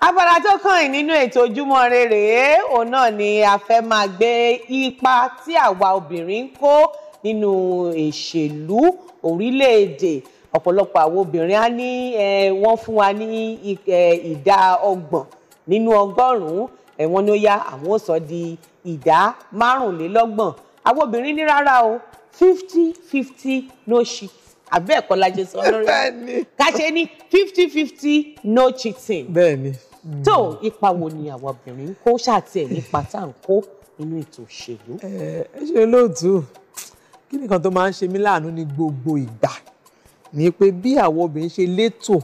abala tó kàn yín nínú ètò ojúmọ́ rere òun náà ni a fẹ́ máa gbé ipa tí àwa obìnrin ń kó nínú ìṣèlú orílẹ̀-èdè ọ̀pọ̀lọpọ̀ àwọn obìnrin á ní wọ́n fún wa ní ìdá ọgbọ̀n nínú ọgọ́rùn-ún ẹ̀wọ̀n ni ó yá àwọn sọ di ìdá márùnlélọ́gbọ̀n àwọn obìnrin ní rárá o fifty fifty no shit àbẹ́ ẹ̀kọ́ la jẹ sọ lórí ká ṣe ní fifty fifty no cheating. bẹ́ẹ̀ni Hmm. tó ipa wo ni àwọn obìnrin ń kó ṣàtìẹ̀ nípa tá à ń kó nínú ètò òṣèlú. ẹ ṣe lóòtú kí nìkan tó máa ń ṣe mí láàánú ní gbogbo ìgbà ni pé bí àwọn obìnrin ṣe létò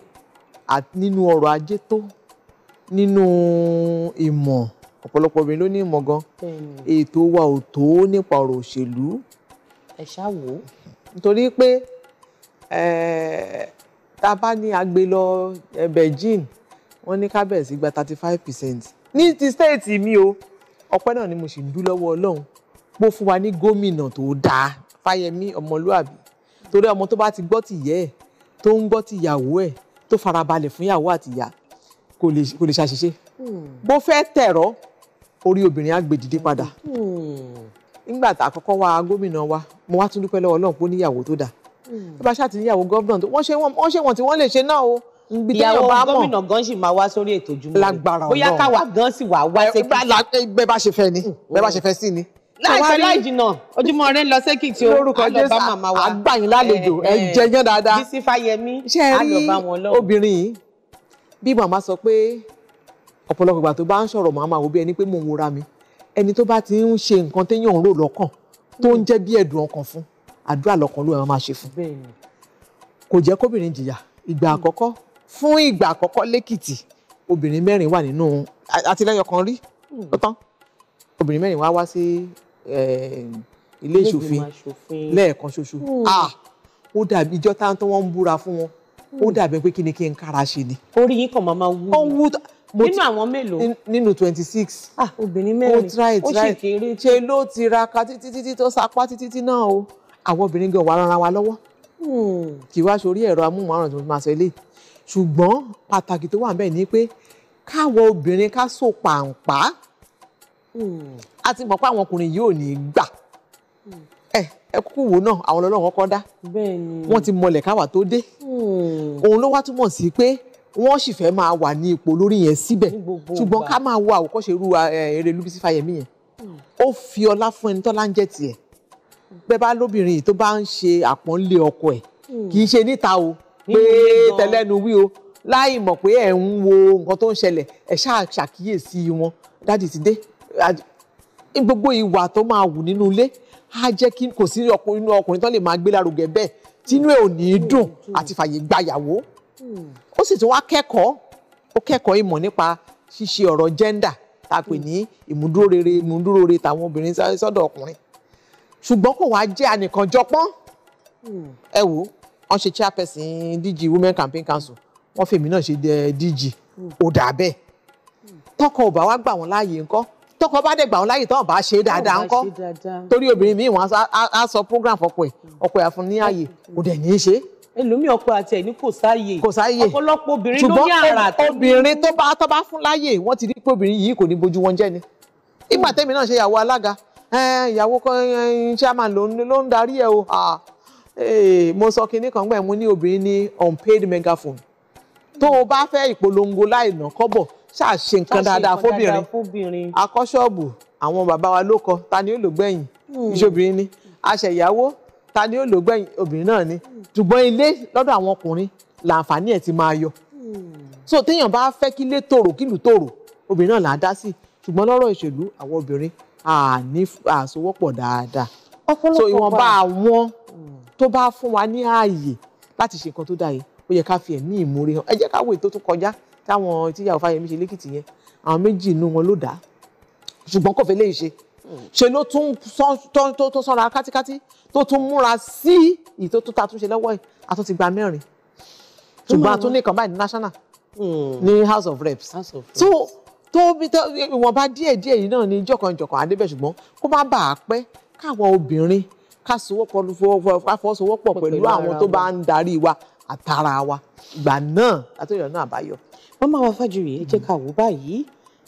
nínú ọrọ̀ ajé tó nínú ìmọ̀ ọ̀pọ̀lọpọ̀ obìnrin ló ní ìmọ̀ gan ètò wa ò tó nípa ọ̀rọ̀ òṣèlú. ẹ ṣáwo. nítorí pé tá a bá ní agbe lọ Beijing wọ́n ní kábẹ̀sì gba thirty five percent ní ti stéètì mi o ọpẹ́ náà ni mo sì ń dú lọ́wọ́ ọlọ́run pó fún wa ní gómìnà tó dáa fáyemí ọmọlúàbí torí ọmọ tó bá ti gbọ́ tìyẹ́ ẹ̀ tó ń gbọ́ tìyàwó ẹ̀ tó farabalẹ̀ fún ìyàwó àtìyà kò lè ṣàṣìṣe bó fẹ́ tẹ̀rọ orí obìnrin á gbé dìde padà nígbà tá a kọ́kọ́ wá gómìnà wa mo wá tún dúpẹ́ lọ́wọ́ ọlọ́run pé ó níyàwó tó dáa bí bá ṣáà ti níyàwó gọ́ọ̀nà ibi tó yọ bá mọ̀ gómìnà gan sì máa wá sórí ètò ìjùmọ̀ lágbára ọ̀nà bóyá káwa gan sì wá wá sẹ́kìtì. bẹ́ẹ̀ bá ṣe fẹ́ ni bẹ́ẹ̀ bá ṣe fẹ́ sí ni. láìpẹ́ láì jìnnà ojúmọ́ rẹ ń lọ sẹ́kìtì o lórúkọ jésù àgbàyìn lálejò ẹ jẹ yán dáadáa. bísí fáyemí àlọ́bá wọn lọ́wọ́. obìnrin yìí bí màmá sọ pé ọ̀pọ̀lọpọ̀ ìgbà tó bá ń sọ̀rọ̀ màmá wo bí ẹni pé mò ń wora mi ẹni tó bá ti ń ṣe nǹkan téèyàn ń rò lọ́kàn tó ń jẹ́ bí ẹ̀dùn ọkàn fún àdúrà lọ́kàn ló ẹ̀ máa ṣe fún kò jẹ́ kóbìnrin jìyà ìgbà àkọ́kọ́ fún ìgbà àkọ́kọ́ lẹ́kìtì obìnrin mẹ́rin wà nínú àtìlẹyọ kan rí hmm. ó tán obìnrin mẹ́rin wá wá sí eh, ilé ìṣòfin lẹ́ẹ̀kan ṣoṣo hmm. ó dàbí ìjọ táwọn tó wọ́n ń búra fún wọn ó hmm. dàbí pé kí ni kí n kára ṣe ni. orí yìí kan máa ma wú. ó ń wú nínú àwọn mélòó. nínú twenty six. ah obìnrin mẹ́rin ó try try ṣe ló tiraka títí títí tó sapá títí tí náà o àwọn obìnrin gan wà rárá wa lọ́wọ́. kì í wá sórí ẹ̀rọ amóhùnmáwòrán tó máa sọ eléyìí ṣùgbọ́n pàtàkì tó wà ń bẹ̀ ni pé káwọ obìnrin ká so pàǹpá hmm. a ti mọ̀ pé àwọn ọkùnrin yìí ò ní gbà hmm. ẹ ẹ kúkú wo náà àwọn ọlọ́run kọ́kọ́ dá wọ́n ti mọlẹ̀ káwa tó dé hmm. òun ló wá túmọ̀ sí pé wọ́n sì fẹ́ máa wà ní ipò lórí yẹn síbẹ̀ ṣùgbọ́n ká máa wo àwòkọ́ṣe irú eré Lúbísí Fáyẹmí yẹn ó fi ọlá fún ẹni tọ́lá ń jẹ́ tiẹ̀ bẹ́ẹ̀ bá lóbìnrin yìí tó bá ń ṣe àpọ́nlé ọkọ ẹ̀ kì í ṣe níta o pé tẹlẹnu wí o láì mọ̀ pé ẹ̀ ń wo nǹkan tó ń ṣẹlẹ̀ ẹ̀ ṣáà ṣàkíyèsí wọn dáàdì ti dé gbogbo ìwà tó máa wù nínú ilé á jẹ́ kí kò sí inú ọkùnrin tó lè máa gbé lárugẹ bẹ́ẹ̀ tínú ẹ̀ ò ní í hmm, dùn hmm. àti fàyè gbàyàwó hmm. ó sì tún wá kẹ́kọ̀ọ́ ó kẹ́kọ̀ọ́ ìmọ̀ nípa ṣíṣe ọ̀rọ̀ gender tá a pè ní ìmúdúró rere ìmúdúró rere tàwọn obìnrin sọ́dọ̀ ọkùnrin ṣùgbọ́n kò wá jẹ́ ànìkànjọpọ́n ẹ wò wọ́n ṣe chairperson DG women campaign council wọ́n fèmí náà ṣe eh, DG ó dà bẹ́ẹ̀ tọkọ ò bá wá gbà wọ́n láàyè ńkọ́ tọkọ bá dẹ̀ gbà wọ́n láàyè tọ́wọ́n bá ṣe dáadáa ńkọ́ torí obìnrin míì wọ́n á sọ program fọkọ ẹ̀ ọkọ ẹ̀ á fún ní àyè kò dẹ̀ ní í ṣe. ẹlòmíì ọkọ àti ẹ̀ ní kò sáàyè kò sáàyè ọ̀pọ̀lọpọ̀ obìnrin ló ní àrà tó ní. obìnrin tó bá tọ́ bá fún láàyè wọ́n ti rí pé obìnrin yìí kò ní bojú wọn jẹ́ ni. ìgbà tẹ́mi náà ṣe ìyàwó alága eh, ìyàwó eh, chairman ló ń darí ẹ o ah, mo sọ kinní kan gbà mo ní obìnrin ní unpaid megaphone tó o bá fẹ́ ìpolongo láìná kọ́bọ̀ ṣáà ṣe nǹkan dáadáa fóbìnrin akọ́ṣọ́ọ̀bù àwọn bàbá wa ló kọ ta ni ó lò gbẹ̀yìn ìṣòbìnrin hmm. ni aṣẹ̀yàwó ta ni ó lò gbẹ̀yìn obìnrin náà ni ṣùgbọ́n ilé lọ́dọ̀ àwọn ọkùnrin làǹfààní ẹ̀ ti máa yọ hmm. so téèyàn bá fẹ́ kí ilé tòrò kílù tòrò obìnrin náà là á dá sí ṣùgbọ́n lọ́rọ̀ ìṣèlú àwọn obìnrin àní àsowọ́pọ̀ dáadáa so ìwọ̀nba àwọn tó bá fún wa ní ààyè láti ṣe nǹkan tó dáa yẹn ó yẹ ká fi ẹ̀mí ìmoore hàn ẹ jẹ́ ká wo ètò tó kọjá táwọn tíyàwó Fáyẹmí ṣe lẹ́kìtì yẹn àwọn méjì inú wọn ló dá ṣùgbọ́n kò fẹ́ lè ṣe ṣe ló tún tó kátíkátí tó tún múra sí ìtò tó ta tún ṣe lọ́wọ́ ẹ̀ a ti gba mẹ́rin ṣùgbọ́n a ní ìkànnì ní national hmm. ní House of Reps so tó ìwọ̀nba díẹ̀ díẹ̀ yìí náà ní jọ̀kanjọ̀kan adébẹ̀ ṣùgbọ́n kó má bàa pẹ́ káwọn obìnrin káfọwọ́sowọ́pọ̀ pẹ̀lú àwọn tó bá ń darí wa àtara wa ìgbà náà àtúnyẹ̀wò náà àbáyọ. màmá wa Fájuyì ẹ jẹ́ ká wò báyìí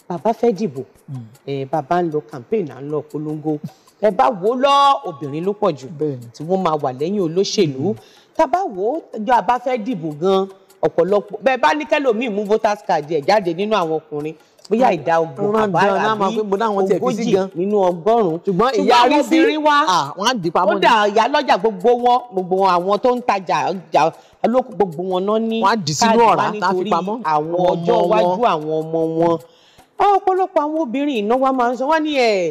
bàbá fẹ́ dìbò hmm. bàbá ń lọ campaign à ń lọ polongo ẹ bá wò lọ obìnrin ló pọ̀ jù tí wọ́n máa wà lẹ́yìn olóṣèlú hmm. tá a bá wò ó jọ àbá fẹ́ dìbò gan-an ọ̀pọ̀lọpọ̀ bẹ́ẹ̀ bá ní kẹ́lòmíì mú voters card ẹ̀ jáde nínú àwọn ọkùnrin bóyá ìdá ogun àbá àbí ogójì nínú ọgọ́rùn-ún ṣùgbọ́n ìyá rí sí ah, ó dà ìyá lọ́jà gbogbo wọn gbogbo àwọn tó ń tajà ọjà olókùn gbogbo wọn náà ní káàdì wá nítorí àwọn ọjọ́ iwájú àwọn ọmọ wọn ah, ọ̀pọ̀lọpọ̀ àwọn obìnrin ìnáwó máa ń sọ wọ́n ní ẹ̀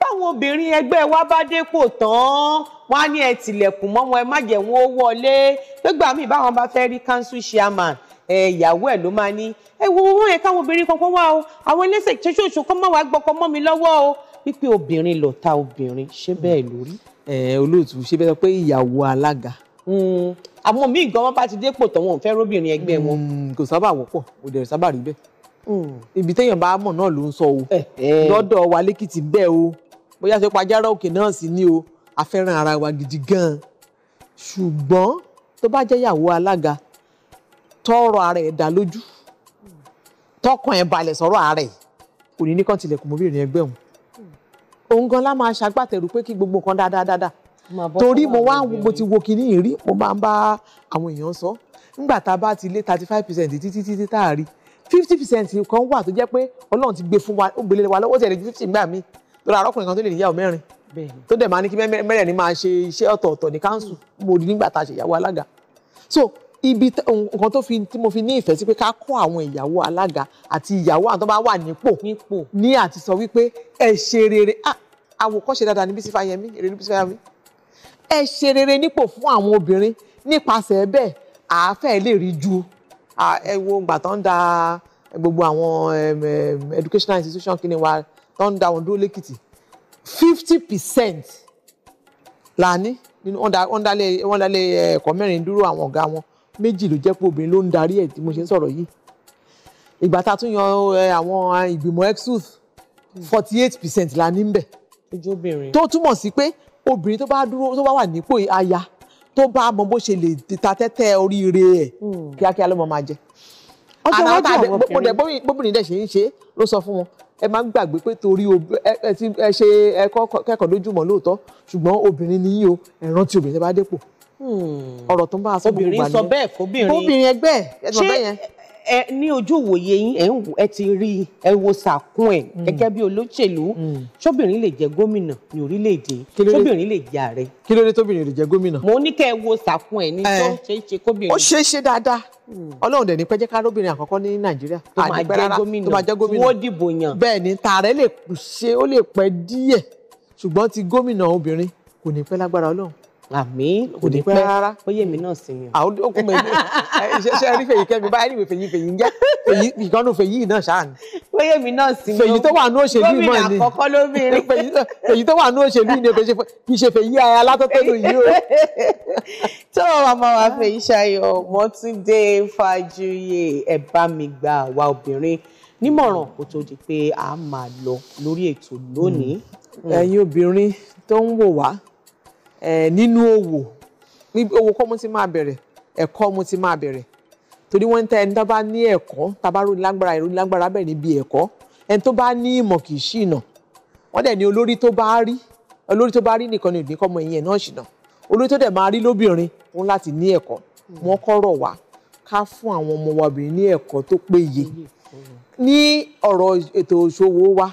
báwọn obìnrin ẹgbẹ́ wa bá dépò tán wọ́n á ní ẹ tilẹ̀kùn mọ́ wọn ẹ má jẹ́ wọn ó wọlé gbégbà míì báwọn bá fẹ́ rí council chairman ìyàwó ẹ̀ ló máa ní ẹ wo wọ́n yẹn káwọn obìnrin kankan wá o àwọn ẹlẹ́sẹ̀ ṣoṣooṣo kan máa wá gbọ́kọ mọ́ mi lọ́wọ́ o wípé obìnrin lọ̀tá obìnrin ṣé bẹ́ẹ̀ lórí. ẹ olóòtú ṣé bẹ́ẹ̀ sọ pé ìyàwó alága. Hmm, àwọn míì gan wọn bá ti dépò tán wọn ò fẹ́ róbìnrin ẹgbẹ́ wọn. Hmm, kò sábà wọ́pọ̀ kò dẹ̀ sábà rí bẹ́ẹ̀. Hmm. ibi téèyàn bá mọ̀ náà ló ń sọ o lọ́dọ̀ wa lẹ́kìtì bẹ́ẹ̀ o bóyá ṣe pàjára òkè náà sí ni o a fẹ́ràn ara wa gidi gan ṣùgbọ́n tó bá jẹ́ ìyàwó alága tọrọ ara ẹ̀ dá lójú tọkàn ẹ̀ balẹ̀ sọ̀rọ̀ ara ẹ̀ kò ní nìkan tilẹ̀kùn mọ́bìnrin ẹgbẹ́ òun òun la máa ṣagbátẹrù pé kí gbogbo nǹkan dáadáa dáadáa torí mo wá mo ti wo kinní yìí rí mo máa ń bá àwọn èèyàn sọ a bá ti lé thirty five percent títí títí tá a rí wà tó jẹ́ pé Ọlọ́run ti gbé wa ó gbélé wa lọ́wọ́ fifty gbà mí kan tó lè níyàwó mẹ́rin tó dẹ̀ máa ní kí so ibi nǹkan tó fi tí mo fi ní ìfẹ́ sí pé ká kọ́ àwọn ìyàwó alága àti ìyàwó àwọn tó bá wà nípò ní àti sọ wípé ẹ ṣe rere ah, àwòkọ́ṣe dáadáa ní Bísí Fáyẹmí èrè ní Bísí Fáyẹmí ẹ ṣe rere nípò fún àwọn obìnrin nípasẹ̀ bẹ́ẹ̀ àáfẹ́ lè rí ju ẹ wo gbà tó ń da gbogbo àwọn educational institution kí ni wa tó ń da wọn dúró lẹ́kìtì fifty percent là ní nínú wọ́n dalẹ̀ ẹ̀kọ́ mẹ́rin dúró àwọn ọ̀gá wọn méjì ló jẹ́ pé obìnrin ló ń darí ẹ̀ tí mo ṣe ń sọ̀rọ̀ yìí ìgbà tá a tún yan àwọn ìgbìmọ̀ exus hmm. forty eight percent la ní bẹ̀ tó túmọ̀ sí pé obìnrin tó bá dúró tó bá wà nípò aya tó bá mọ bó ṣe lè ta tẹ́tẹ́ oríire ẹ̀ hmm. kíákíá ló mọ máa jẹ ọjọ́ iwájú àwọn obìnrin bóbìnrin dẹ̀ ṣe ń ṣe ló sọ fún wọn ẹ máa ń gbàgbé pé torí ẹ ṣe kẹ́kọ̀ọ́ lójúmọ́ lóòótọ́ ṣùgbọ́n obìnrin ni yín o ẹ rántí obìnrin tẹ́ bá dépò Hmm. ọ̀rọ̀ tó ń bá a sọ gbogbo ìgbà obìnrin sọ bẹ́ẹ̀ fóbìnrin fóbìnrin ẹgbẹ́ ẹ̀ sọ bẹ́ẹ̀ yẹn. ẹ ní ojú ìwòye yín ẹ ń ẹ ti rí ẹ wo sàkún hmm. ẹ gẹ́gẹ́ bí olóṣèlú hmm. ṣóbìnrin lè jẹ gómìnà ní orílẹ̀-èdè ṣóbìnrin lè jẹ ààrẹ. kí ló dé tóbìnrin lè jẹ gómìnà. mo ní kẹ́ ẹ wo sàkún ẹ ní tó ṣe é ṣe kóbìnrin. ó ṣe é ṣe dáadáa ọlọ́run dẹ̀ ní pẹ́ jẹ́ ká róbìnrin àkọ́kọ́ ní nàìjíríà tó máa jẹ́ gómìnà wọ́n dìbò yàn. bẹ́ẹ̀ ni tààrẹ lè ṣe ó lè pẹ́ díẹ̀ ṣùgbọ́n ti gómìnà obìnrin kò ní pẹ́ lágbára ọlọ́run àmì kò ní pẹ́ rárá ó yé mi náà sí mi o. àwọn okùn mi ṣe ṣe rí fèyí kẹ́mi báyìí níwèé fèyí fèyí ń jẹ́ fèyí ìkànnù fèyí náà ṣáà ni. ó yé mi náà sí mi o fèyí tó wà ní òṣèlú ìmọ̀ ni gómìnà àkọ́kọ́ lóbìnrin. fèyí tó wà ní òṣèlú ìmọ̀ ni kì í ṣe fèyí alátọ́tẹ́nu yìí o. tó o máa máa wá fèyí ṣayọ mọ́túndé fàjuyè ẹ bá mi gba àwa obìnrin nímọ̀ràn kó tó di pé a máa lọ lórí ètò lónìí. Hmm. ẹ̀yin obìnrin tó ń wò wá nínú òwò òwò kọ́ mo ti máa bẹ̀rẹ̀ ẹ̀kọ́ mo ti máa bẹ̀rẹ̀ torí wọ́n ń tẹ́ ẹni tó bá ní ẹ̀kọ́ tá a bá ròyìn lágbára ìròyìn lágbára bẹ̀rẹ̀ níbi ẹ̀kọ́ ẹni tó bá ní ìmọ̀ kì í ṣìnà wọ́n dẹ̀ ní olórí tó bá rí olórí tó bá rí nìkan ni òdì kọ́ ọmọ ẹ̀yìn ẹ̀ náà ṣìnà olórí tó dẹ̀ máa rí lóbìnrin òun láti ní ẹ̀kọ́ wọ́n kọ́ rọ̀ wá ká fún àwọn ọmọ wa obìnrin ní ẹ̀kọ́ tó péye ní ọ̀rọ̀ ètò òṣòwò wa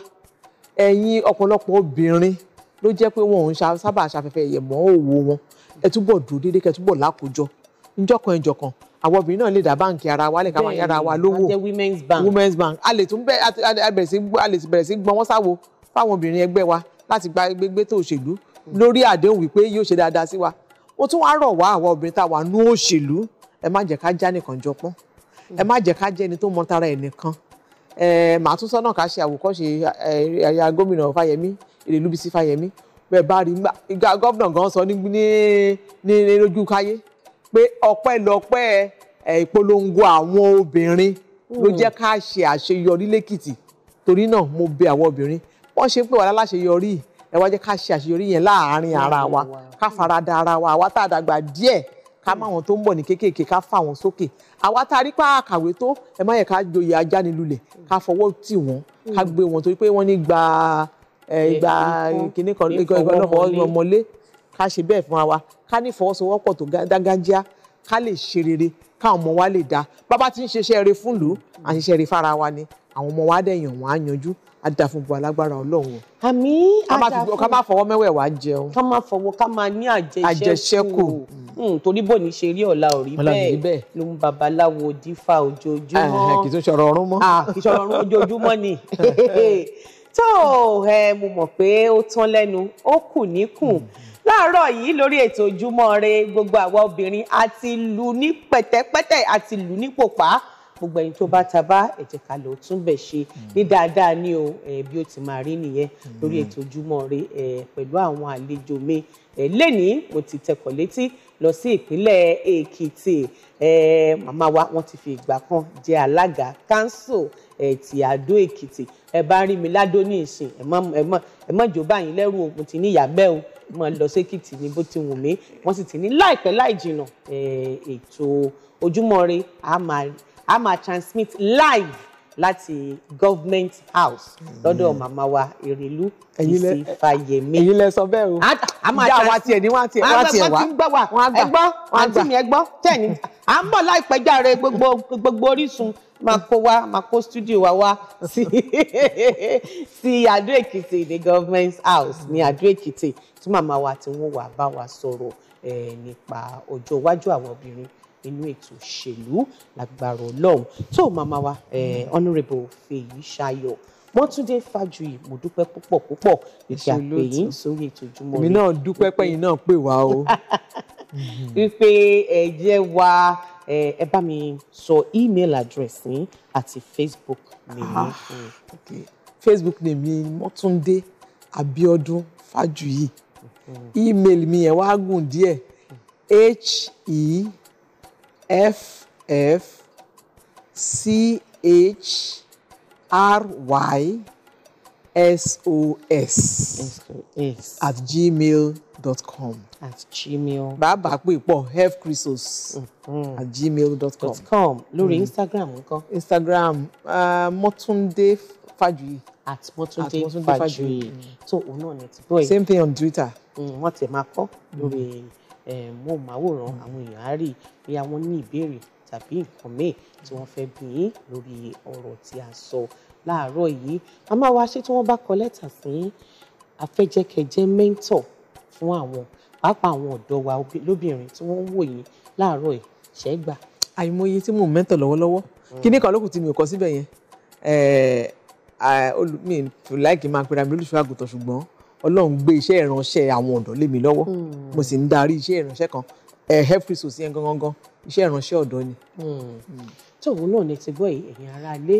ẹ̀yin ọ̀pọ̀lọpọ̀ obìnrin ló jẹ́ pé wọn ò ń sábà ṣàfẹ́fẹ́ ẹ̀yẹ̀ mọ́ òwò wọn ẹ túbọ̀ dúró déédéé kẹ túbọ̀ lákòójọ njọkan ẹjọkan àwọn obìnrin náà lè dá báǹkì ara wa lè ká máa yára wa lówó women's bank women's bank a lè tún bẹ̀rẹ̀ sí gbọ́n wọ́n sáwo fáwọn obìnrin ẹgbẹ́ wa láti gba gbégbé tó òṣèlú lórí àdéhùn wípé yóò ṣe dáadáa sí wa wọ́n tún wá rọ̀ wá àwọn obìnrin tá a wà nú òṣèlú ẹ má jẹ́ ká já nìkan jọpọ́n ẹ má jẹ́ ká jẹ́ ẹni tó mọ tara ẹ̀ nìkan màá tún sọ́nà ká ṣe àwòkọ́ṣe gómìnà Fáyẹmí Ìrẹ̀lúbísí Fáyẹmí bẹ́ẹ̀ bá rí ìgbà gómìnà gan sọ ní ní lójú káyé pé ọpẹ́lọpẹ́ ìpolongo àwọn obìnrin ló jẹ́ ká ṣe àṣeyọrí lẹ́kìtì torí náà mo bẹ àwọn obìnrin wọ́n ṣe pé wà láṣeyọrí ẹ wá jẹ́ ká ṣe àṣeyọrí yẹn láàárín ara wa ká da ara wa àwa tá a dàgbà díẹ̀ ká má wọn tó ń bọ̀ ní kéékèèké ká fà wọn sókè àwa tá a rí pa àkàwé tó ẹ má yẹ ká joyè ajánilulẹ̀ ká fọwọ́ tì wọ́n ká gbé wọn torí pé wọ́n ní gba ìgbà kìnnì kan ìgbọ̀nàfọ̀ ọmọlé ká ṣe bẹ́ẹ̀ fún wa ká ní ìfọwọ́sowọ́pọ̀ tó dáńgájíá ká lè ṣe rere káwọn ọmọ wa lè dá bàbá tí ń ṣiṣẹ́ rere fún lù à ń ṣiṣẹ́ rere fara wa ni àwọn ọmọ wa dẹ̀yàn wọn á yanjú á dà fún buwa lágbára ọlọ́run. àmì àdà fún ká má fọwọ́ mẹ́wẹ̀ẹ̀wá jẹun. ká má fọwọ́ ká máa ní àjẹṣẹ́kù hmm, torí bò ní ṣe rí ọ̀la ò bẹ́ẹ̀ ló ń babaláwo dífá ojoojúmọ́ kì í tún ṣọ̀rọ̀ ọ̀run mọ́. Ah, kì í ṣọ̀rọ̀ ọ̀run ojoojúmọ́ ni tó ẹ mo mọ̀ pé ó tán lẹ́nu ó kù níkùn hmm. láàárọ̀ yìí lórí ètò ojúmọ́ re gbogbo àwa obìnrin àti lù ní pẹ̀tẹ́pẹ́tẹ́ àti lù ní pòpá gbogbo ẹni tó bá ta bá ẹ ká lọ tún bẹ̀ ṣe hmm. ní dáadáa ní o bí ó ti máa rí nìyẹn hmm. lórí ètò ojúmọ́ re pẹ̀lú àwọn àlejò mi lẹ́nìí mo ti tẹkọ̀ létí lọ sí ìpínlẹ̀ Èkìtì màmá wa wọ́n ti fi ìgbà kan jẹ́ alága council ti Àdó Èkìtì ẹ bá rí mi ládó ní ìsìn ẹ mọ̀ jò báyìí lẹ́rù òkun ti ní ìyàgbẹ́ o mo lọ sékìtì ní bó ti wù mí wọ́n sì ti ní láìpẹ́ láì jìnnà ètò Ojúmọ́ a máa transmit live láti government house lọ́dọ̀ mm. màmá wa Erelu Bisi Fáyẹmí. èyí lẹ sọ bẹ́ẹ̀ o ìjà wa tiẹ̀ ní wá tiẹ̀ wá tiẹ̀ wá wọn àgbà ẹgbọ́ wọn àti mi ẹgbọ́ tẹ̀yìn à ń bọ̀ láìpẹ́ jàre gbogbo gbogbo Orísun máa kó wá máa kó studio wa wá sí sí Adó Èkìtì the government house ní Adó Èkìtì tí màmá wa tí wọ́n wà bá wa sọ̀rọ̀ eh, nípa ọjọ́ iwájú àwọn obìnrin inú ètò òṣèlú lágbára Ọlọ́run tó màmá wa honourable Fèyí Ṣayọ̀ Mọ́túndé Fájuyì mo dúpẹ́ púpọ̀ púpọ̀ ìgbà pé yín sórí ètò Ojúmọ́ Ire. èmi náà dúpẹ́ pẹ́yìn náà pè wá o. wípé ẹ wa ẹ bá mi sọ email address yín àti Facebook nìyí. Okay. Facebook nìyí Mọ́túndé Abíọ́dún Fájuyì mm-hmm. email mi yẹn wá gùn díẹ̀ h e F F C H R Y S O S at gmail dot com. at gmail. bàbá pé pọ̀ hefchrisos mm-hmm. at gmail dot com. dot com lórí mm. Instagram nǹkan. Instagram uh, Mọ́túndé at Mọ́túndé Fájuyì. so òun náà ni ti bọ́ yìí. same thing on Twitter. Mm, wọ́n ti máa kọ́ lórí. Mm eh, móhùnmáwòrán àwọn èèyàn á rí bóyá wọ́n ní ìbéèrè tàbí nǹkan míì tí wọ́n fẹ́ bi yín lórí ọ̀rọ̀ tí a sọ láàárọ̀ yìí màmá wa ṣé tí wọ́n bá kọ lẹ́tà sí afẹ́jẹ́kẹjẹ́ mẹ́ńtọ̀ fún àwọn pàápàá àwọn ọ̀dọ́ wa lóbìnrin tí wọ́n ń wò yín láàárọ̀ yìí ṣẹ́gbà. àìmọye tí mò ń mẹ́ńtọ̀ lọ́wọ́lọ́wọ́ hmm. kíní kan lókùn tí mi ò kọ síbẹ̀ yẹn mi ò láìkí máa pera mi lólùṣọ́ àgùntàn ṣùgbọ́n Ọlọ́run gbé iṣẹ́ ìránṣẹ́ àwọn ọ̀dọ́ lé mi lọ́wọ́ hmm. mo sì ń darí iṣẹ́ ìránṣẹ́ kan help Christos yẹn gangan gan iṣẹ́ ìránṣẹ́ ọ̀dọ́ ni. Hmm. Hmm. tóun náà ní ti gbọ́ ẹ̀yin ará ilé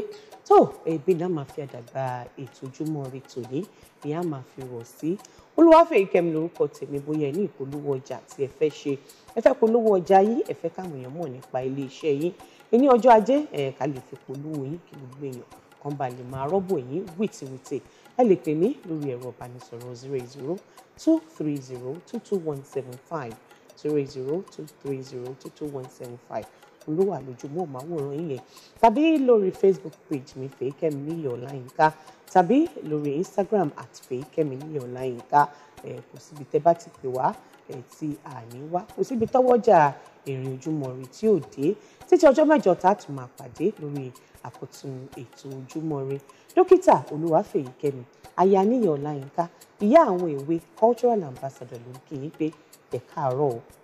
tó ẹbí náà máa fi àdàgbà ètò ojúmọ́ tòní ni a máa fi rọ̀ sí Olúwafẹ́yìkẹ́mi lórúkọ tèmi bóyá ẹ ní ìpolówó ọjà tí ẹ fẹ́ ṣe ẹ fẹ́ polówó ọjà yìí ẹ fẹ́ káwọn èèyàn mọ̀ nípa ilé iṣẹ́ yìí ní ọjọ́ ajé ẹ lè fi polówó yìí kí gbogbo èèyàn kan bá máa rọ́bò yìí wìtìwìtì ẹ lè pè mí lórí ẹ̀rọ ìbánisọ̀rọ̀ zero eight zero two three zero two two one seven five zero eight zero two three zero two two one seven five olówà lójúmọ́ màwòrán yẹn tàbí lórí Facebook page mi Fèyíkẹ́mi Níyì Ọláyínká tàbí lórí Instagram at Fèyíkẹ́mi Níyì Ọláyínká ẹ kò síbi tẹ́ bá ti pè wá ẹ ti àní wá kò síbi tọ́wọ́jà ìrìn ojúmọ́ rí tí ò dé títí ọjọ́ mẹ́jọ tá a tún máa pàdé lórí àkótún ètò ojúmọ́ rí dókítà olúwàfẹ̀yìkẹ́mi ayaníyàn ọláyínká ìyá àwọn èwe cultural ambassador ló ń kí yín pé ẹ káàárọ̀ o